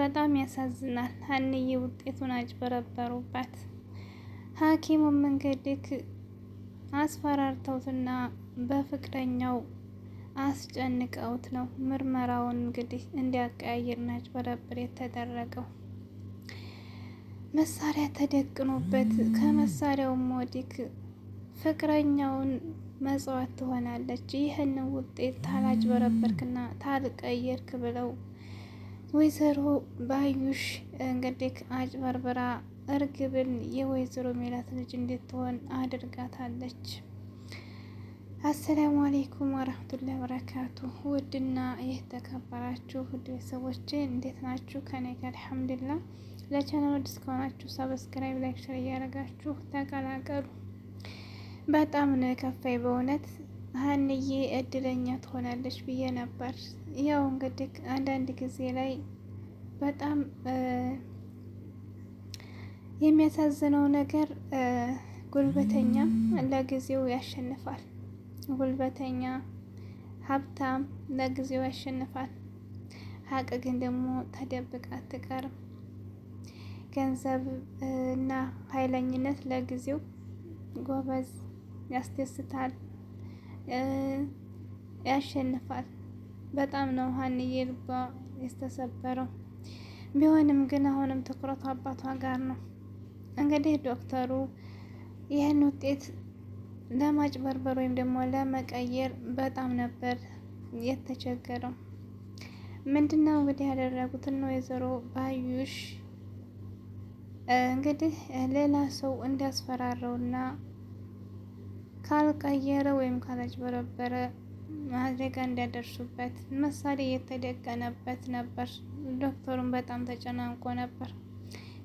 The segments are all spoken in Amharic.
በጣም ያሳዝናል። ሀንዬ ውጤቱን አጭበረበሩባት። ሐኪሙም እንግዲህ አስፈራርተውትና በፍቅረኛው አስጨንቀውት ነው ምርመራውን እንግዲህ እንዲያቀያይርና አጭበረብር የተደረገው። መሳሪያ ተደቅኖበት ከመሳሪያውም ወዲክ ፍቅረኛውን መጽዋት ትሆናለች። ይህንን ውጤት ታላጭበረበርክና ታልቀየርክ ብለው ወይዘሮ ባዩሽ እንግዲህ አጭበርብራ እርግብን የወይዘሮ ሜላት ልጅ እንድትሆን አድርጋታለች። አሰላሙ አሌይኩም ወረህመቱላሂ ወበረካቱ። ውድና የተከበራችሁ ውድ ቤተሰቦች እንዴት ናችሁ? ከኔ ጋር አልሐምዱሊላህ። ለቻናል አዲስ ከሆናችሁ ሰብስክራይብ፣ ላይክ፣ ሸር እያደረጋችሁ ተቀላቀሉ። በጣም ነው የከፋኝ በእውነት ሀንዬ እድለኛ ትሆናለች ብዬ ነበር። ያው እንግዲህ አንዳንድ ጊዜ ላይ በጣም የሚያሳዝነው ነገር ጉልበተኛ ለጊዜው ያሸንፋል። ጉልበተኛ ሀብታም ለጊዜው ያሸንፋል። ሀቅ ግን ደግሞ ተደብቃ አትቀርም። ገንዘብ እና ኃይለኝነት ለጊዜው ጎበዝ ያስደስታል ያሸንፋል። በጣም ነው ሀንዬ ልቧ የተሰበረው። ቢሆንም ግን አሁንም ትኩረቱ አባቷ ጋር ነው። እንግዲህ ዶክተሩ ይህን ውጤት ለማጭበርበር ወይም ደግሞ ለመቀየር በጣም ነበር የተቸገረው። ምንድነው እንግዲህ ያደረጉትን ነው ወይዘሮ ባዩሽ እንግዲህ ሌላ ሰው እንዲያስፈራረውና ካልቀየረ ወይም ካላጭበረበረ አደጋ እንዲያደርሱበት መሳሪያ እየተደቀነበት ነበር። ዶክተሩን በጣም ተጨናንቆ ነበር።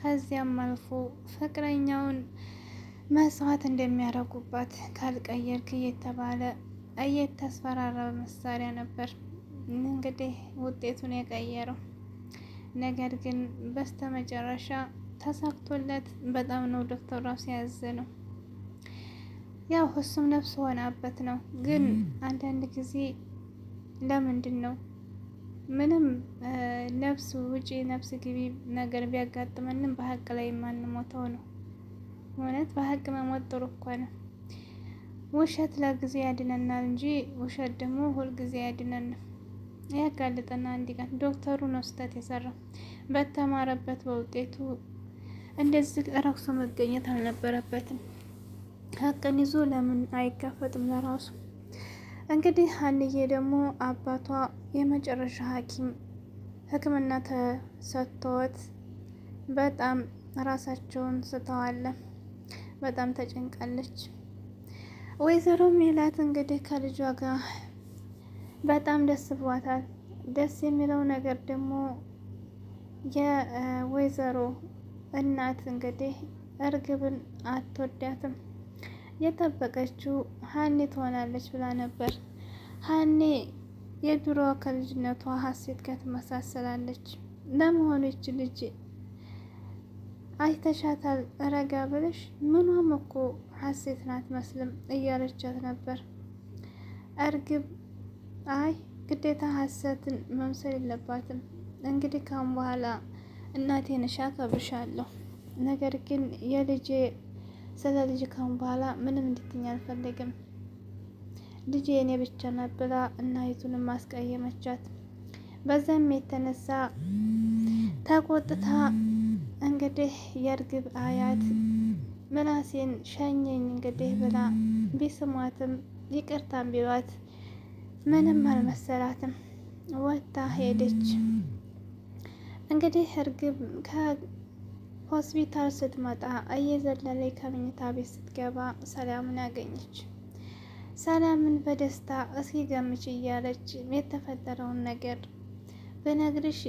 ከዚያም አልፎ ፍቅረኛውን መስዋዕት እንደሚያደርጉባት ካልቀየርክ እየተባለ እየተስፈራራ መሳሪያ ነበር እንግዲህ ውጤቱን የቀየረው። ነገር ግን በስተመጨረሻ ተሳክቶለት በጣም ነው ራሱ ያዘ ነው። ያው እሱም ነፍስ ሆናበት ነው። ግን አንዳንድ ጊዜ ለምንድን ነው ምንም ነፍስ ውጪ ነፍስ ግቢ ነገር ቢያጋጥመንም በሀቅ ላይ የማንሞተው ነው። እውነት በሀቅ መሞት ጥሩ እኮ ነው። ውሸት ለጊዜ ያድነናል እንጂ ውሸት ደግሞ ሁልጊዜ ያድነን ያጋልጠና አንድ ቀን ዶክተሩ ነው ስህተት የሰራው በተማረበት በውጤቱ እንደዚህ ረክሶ መገኘት አልነበረበትም። ሀቅን ይዞ ለምን አይጋፈጥም ለራሱ? እንግዲህ ሀንዬ ደግሞ አባቷ የመጨረሻ ሐኪም ሕክምና ተሰጥቶት በጣም ራሳቸውን ስተዋለ በጣም ተጨንቃለች። ወይዘሮ ሜላት እንግዲህ ከልጇ ጋር በጣም ደስ ብሏታል። ደስ የሚለው ነገር ደግሞ የወይዘሮ እናት እንግዲህ እርግብን አትወዳትም። የጠበቀችው ሀኔ ትሆናለች ብላ ነበር። ሀኔ የድሮ ከልጅነቷ ሀሴት ጋር ትመሳሰላለች። ለመሆኑ ይች ልጅ አይተሻታል? ረጋ ብለሽ ምኗም እኮ ናት መስልም እያለቻት ነበር። እርግብ አይ ግዴታ ሀሰትን መምሰል የለባትም እንግዲህ ካሁን በኋላ እናቴን እሻ ከብሻለሁ ነገር ግን የልጄ ስለ ልጅ ካሁን በኋላ ምንም እንድትኝ አልፈልግም ልጅ የእኔ ብቻ ናት ብላ እናይቱንም ማስቀየመቻት። በዛም የተነሳ ተቆጥታ እንግዲህ የእርግብ አያት ምናሴን ሸኘኝ እንግዲህ ብላ ቢስሟትም ይቅርታን ቢሏት ምንም አልመሰላትም። ወታ ሄደች። እንግዲህ እርግብ ሆስፒታል ስትመጣ እየዘለለች ከመኝታ ቤት ስትገባ ሰላምን አገኘች። ሰላምን በደስታ እስኪ ገምች እያለች የተፈጠረውን ነገር ብነግርሽ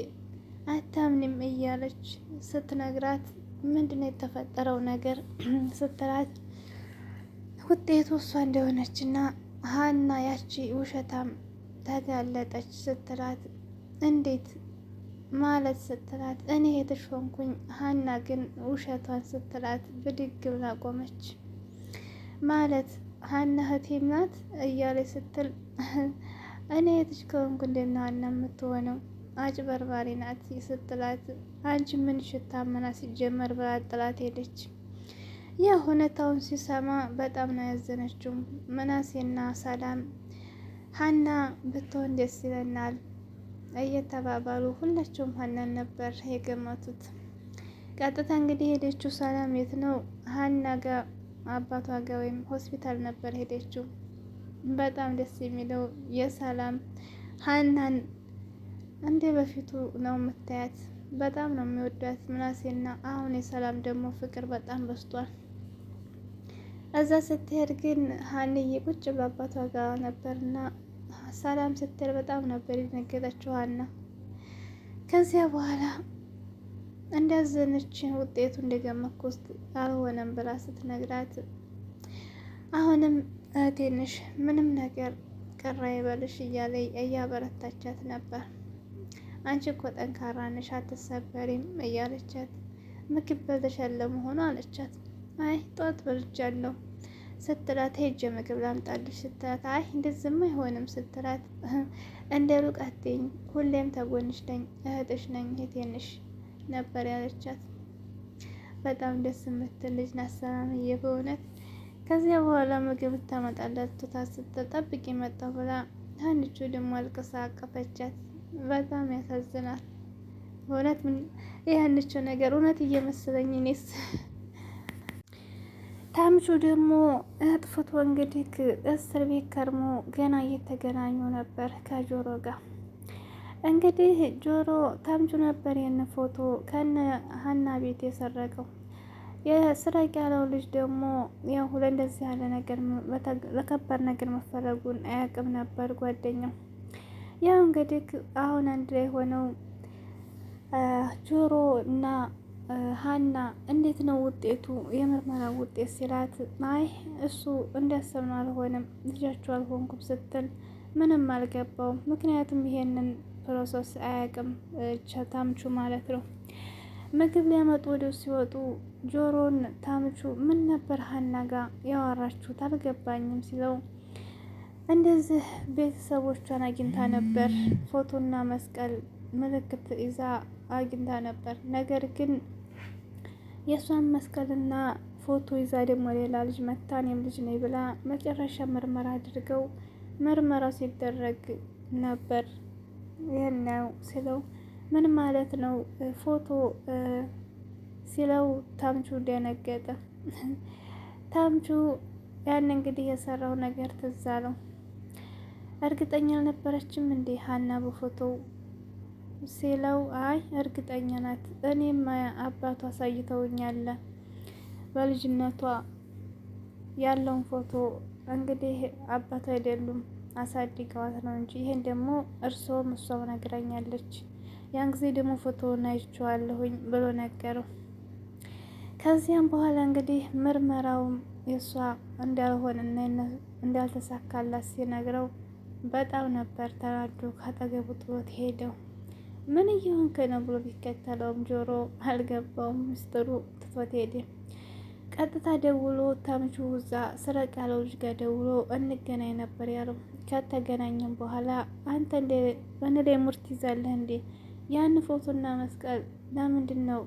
አታምንም እያለች ስትነግራት ምንድነው የተፈጠረው ነገር ስትላት ውጤቱ እሷ እንደሆነች እና ሀና ያቺ ውሸታም ተጋለጠች ስትላት እንዴት ማለት ስትላት እኔ የተሾንኩኝ ሀና ግን ውሸቷን ስትላት ብድግ ብላ ቆመች። ማለት ሀና እህቴም ናት እያለች ስትል እኔ የትሽ እንደና ሀና የምትሆነው አጭበርባሪ ናት ስትላት አንቺ ምን ሽታመና ሲጀመር ብላ ጥላት ሄደች። ያ ሁኔታውን ሲሰማ በጣም ነው ያዘነችው። ምናሴና ሰላም ሀና ብትሆን ደስ ይለናል እየተባባሉ ሁላቸውም ሀናን ነበር የገመቱት። ቀጥታ እንግዲህ ሄደችው ሰላም የት ነው ሀና ጋ አባቷ ጋ ወይም ሆስፒታል ነበር ሄደችው። በጣም ደስ የሚለው የሰላም ሀናን እንደ በፊቱ ነው የምታያት። በጣም ነው የሚወዳት ምናሴና አሁን የሰላም ደግሞ ፍቅር በጣም በስቷል። እዛ ስትሄድ ግን ሀንዬ ቁጭ ብላ አባቷ ጋ ነበርና ሰላም ስትል በጣም ነበር የደነገጠችው ከዚያ በኋላ እንዳዘነች ውጤቱ ውስጥ አልሆነም ብላ ስትነግራት አሁንም እህቴንሽ ምንም ነገር ቀራ ይበልሽ እያለ እያበረታቻት ነበር። አንቺ እኮ ጠንካራ ነሽ አትሰበሪም እያለቻት ምግብ በልተሻል ለመሆኑ አለቻት። አይ ጧት በልቻለሁ ስትላት ሄጀ ምግብ ላምጣልሽ ስትላት አይ እንደዚህማ አይሆንም ስትላት እንደ ሩቀትኝ ሁሌም ተጎንሽ ነኝ፣ እህትሽ ነኝ፣ ሄቴንሽ ነበር ያለቻት። በጣም ደስ የምትል ልጅ ናት ሰላምዬ በእውነት። ከዚያ በኋላ ምግብ ታመጣላት ትታ ስትጠብቅ መጣሁ ብላ አንቺ ደግሞ አልቅሳ አቀፈቻት። በጣም ያሳዝናል በእውነት። ይህንችው ነገር እውነት እየመሰለኝ እኔስ ታምቹ ደግሞ እጥፍቶ እንግዲህ እስር ቤት ከርሞ ገና እየተገናኙ ነበር ከጆሮ ጋር እንግዲህ ጆሮ ታምቹ ነበር ይህን ፎቶ ከነ ሀና ቤት የሰረቀው። የስረቅ ያለው ልጅ ደግሞ ያው እንደዚህ ያለ ነገር ለከባድ ነገር መፈለጉን አያውቅም ነበር ጓደኛው። ያው እንግዲህ አሁን አንድ ላይ ሆነው ጆሮ እና ሀና እንዴት ነው ውጤቱ የምርመራ ውጤት ሲላት፣ አይ እሱ እንዳሰብነው አልሆነም ልጃችሁ አልሆንኩም ስትል ምንም አልገባውም። ምክንያቱም ይሄንን ፕሮሰስ አያውቅም ታምቹ ማለት ነው። ምግብ ሊያመጡ ወደ ሲወጡ ጆሮን ታምቹ ምን ነበር ሀና ጋር ያወራችሁት አልገባኝም ሲለው እንደዚህ ቤተሰቦቿን አግኝታ ነበር ፎቶና መስቀል ምልክት ይዛ አግኝታ ነበር። ነገር ግን የእሷን መስቀልና ፎቶ ይዛ ደግሞ ሌላ ልጅ መታ እኔም ልጅ ነኝ ብላ መጨረሻ ምርመራ አድርገው ምርመራ ሲደረግ ነበር። ይህን ነው ስለው ምን ማለት ነው ፎቶ ሲለው ታምቹ ደነገጠ። ታምቹ ያን እንግዲህ የሰራው ነገር ትዝ አለው። እርግጠኛ አልነበረችም እንዲህ ሀና በፎቶው ሲለው አይ እርግጠኛ ናት፣ እኔም አባቷ አሳይተውኛል በልጅነቷ ያለውን ፎቶ። እንግዲህ አባቷ አይደሉም አሳድገዋት ነው እንጂ ይሄን ደግሞ እርስዎም እሷው ነግራኛለች። ያን ጊዜ ደግሞ ፎቶውን አይቼዋለሁኝ ብሎ ነገረው። ከዚያም በኋላ እንግዲህ ምርመራውም የእሷ እንዳልሆነና እንዳልተሳካላት ሲነግረው በጣም ነበር ተናዶ ካጠገቡ ጥሎት ሄደው። ምን እየሆንክ ነው ብሎ ቢከተለውም ጆሮ አልገባውም። ምስጢሩ ትቶት ሄደ። ቀጥታ ደውሎ ታምቹ ውዛ ስረቅ ያለው ልጅ ጋር ደውሎ እንገናኝ ነበር ያለው። ከተገናኘም በኋላ አንተ እንደ ሙርት ይዛለህ እንዴ? ያን ፎቶና መስቀል ለምንድን ነው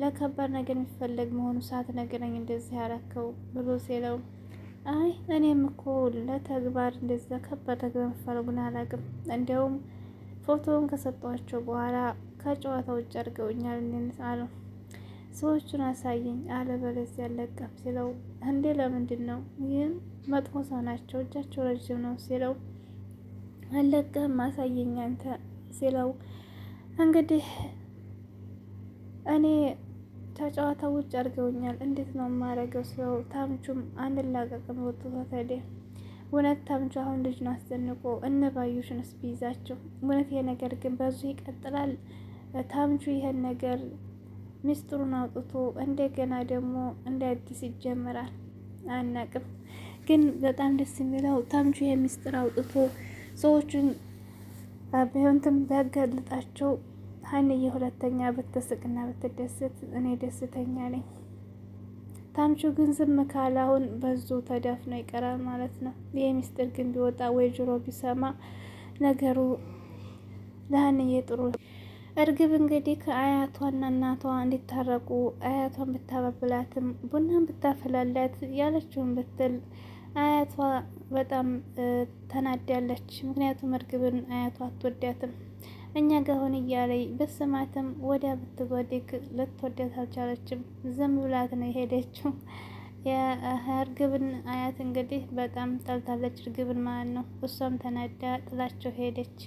ለከባድ ነገር የሚፈለግ መሆኑ ሳትነግረኝ እንደዚህ ያረከው ብሎ ሲለው፣ አይ እኔም እኮ ለተግባር እንደዛ ከባድ ነገር መፈለጉን አላውቅም እንዲያውም ፎቶውን ከሰጧቸው በኋላ ከጨዋታ ውጭ አድርገውኛል አለው። ሰዎቹን አሳየኝ አለበለዚያ አለቀም ሲለው፣ እንዴ ለምንድን ነው ይህም መጥፎ ሰው ናቸው እጃቸው ረዥም ነው ሲለው፣ አለቀም አሳየኝ አንተ ሲለው፣ እንግዲህ እኔ ከጨዋታ ውጭ አድርገውኛል እንዴት ነው የማደርገው ሲለው፣ ታምቹም አንድ ላቀቅም እውነት ታምቹ አሁን ልጅን አስደንቆ እነ ባዩሽንስ ቢይዛቸው እውነት ይሄ ነገር ግን በዙ ይቀጥላል። ታምቹ ይሄን ነገር ሚስጥሩን አውጥቶ እንደገና ደግሞ እንደ አዲስ ይጀምራል። አናቅም ግን በጣም ደስ የሚለው ታምቹ ይሄ ሚስጥር አውጥቶ ሰዎችን በሆንትም ቢያጋልጣቸው ሀንዬ ሁለተኛ ብትስቅና ብትደስት እኔ ደስተኛ ነኝ። ታምቹ ግን ዝም ካለ አሁን በዙ ተዳፍኖ ይቀራል ማለት ነው። ይህ ሚስጥር ግን ቢወጣ ወይ ጆሮ ቢሰማ ነገሩ ለሀንዬ ጥሩ። እርግብ እንግዲህ ከአያቷና እናቷ እንዲታረቁ አያቷን ብታባብላትም ቡናን ብታፈላላት ያለችውን ብትል አያቷ በጣም ተናዳለች። ምክንያቱም እርግብን አያቷ አትወዳትም። እኛ ጋር ሆን እያለይ ብስማትም ወዲያ ብትጎድክ ልትወደት አልቻለችም። ዝም ብላት ነው የሄደችው። የእርግብን አያት እንግዲህ በጣም ጠልታለች እርግብን ማለት ነው። እሷም ተናዳ ጥላቸው ሄደች።